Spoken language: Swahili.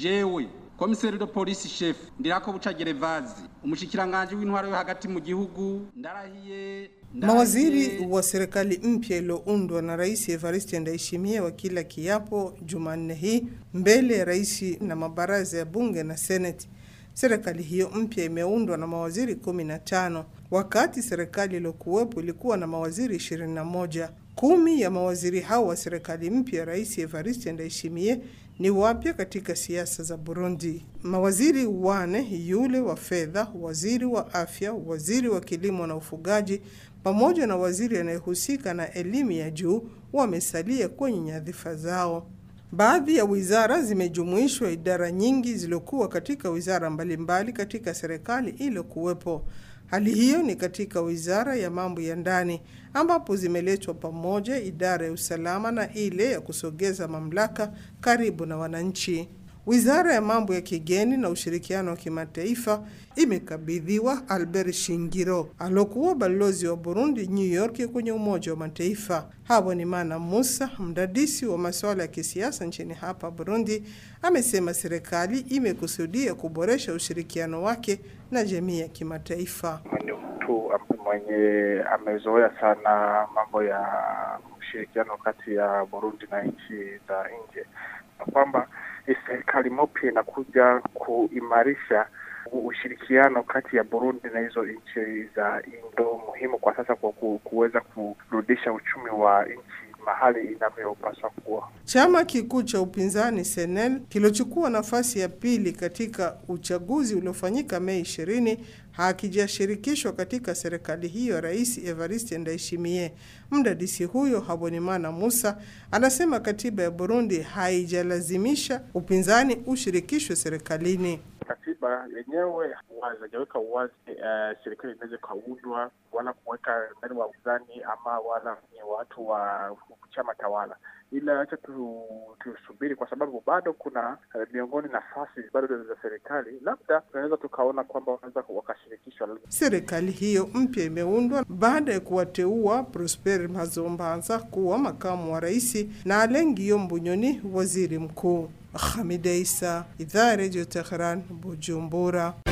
jewe komiseri do polisi chef ndirako bucagere vazi umushikiranganje w'intware yo hagati mu gihugu ndarahiye Mawaziri wa serikali mpya iliyoundwa na Rais Evariste Ndayishimiye wakila kiapo Jumanne hii mbele ya rais na mabaraza ya bunge na seneti. Serikali hiyo mpya imeundwa na mawaziri 15 wakati serikali iliyokuwepo ilikuwa na mawaziri 21. Kumi ya mawaziri hao wa serikali mpya Rais Evariste Ndayishimiye ni wapya katika siasa za Burundi. Mawaziri wane, yule wa fedha, waziri wa afya, waziri wa kilimo na ufugaji, pamoja na waziri anayehusika na elimu ya juu, wamesalia kwenye nyadhifa zao. Baadhi ya wizara zimejumuishwa idara nyingi zilizokuwa katika wizara mbalimbali katika serikali iliyokuwepo. Hali hiyo ni katika Wizara ya Mambo ya Ndani ambapo zimeletwa pamoja idara ya usalama na ile ya kusogeza mamlaka karibu na wananchi. Wizara ya Mambo ya Kigeni na Ushirikiano wa Kimataifa imekabidhiwa Albert Shingiro aliokuwa balozi wa Burundi New York kwenye Umoja wa Mataifa. hapo ni Mana Musa, mdadisi wa masuala ya kisiasa nchini hapa Burundi, amesema serikali imekusudia kuboresha ushirikiano wake na jamii ya kimataifa. Mwenye mtu mwenye amezoea sana mambo ya ushirikiano kati ya Burundi na nchi za nje, na kwamba serikali mpya inakuja kuimarisha ushirikiano kati ya Burundi na hizo nchi za ndo muhimu kwa sasa kwa kuweza kurudisha uchumi wa nchi mahali inavyopaswa kuwa. Chama kikuu cha upinzani Senel kilochukua nafasi ya pili katika uchaguzi uliofanyika Mei ishirini hakijashirikishwa katika serikali hiyo Rais Evariste Ndayishimiye. Mdadisi huyo Habonimana Musa anasema katiba ya Burundi haijalazimisha upinzani ushirikishwe serikalini katiba yenyewe hawajaweka uwazi uh, eh, serikali inaweza ikaundwa wala kuweka ndani wa uzani ama wala ni watu wa chama tawala, ila acha tusubiri tu, kwa sababu bado kuna eh, miongoni nafasi bado za serikali, labda tunaweza tukaona kwamba wanaweza wakashirikishwa. Serikali hiyo mpya imeundwa baada ya kuwateua Prosper Mazombanza kuwa makamu wa rais na alengio Mbunyoni waziri mkuu. Hamida Isa, idhaa ya redio Tehran, Bujumbura. Jumbura.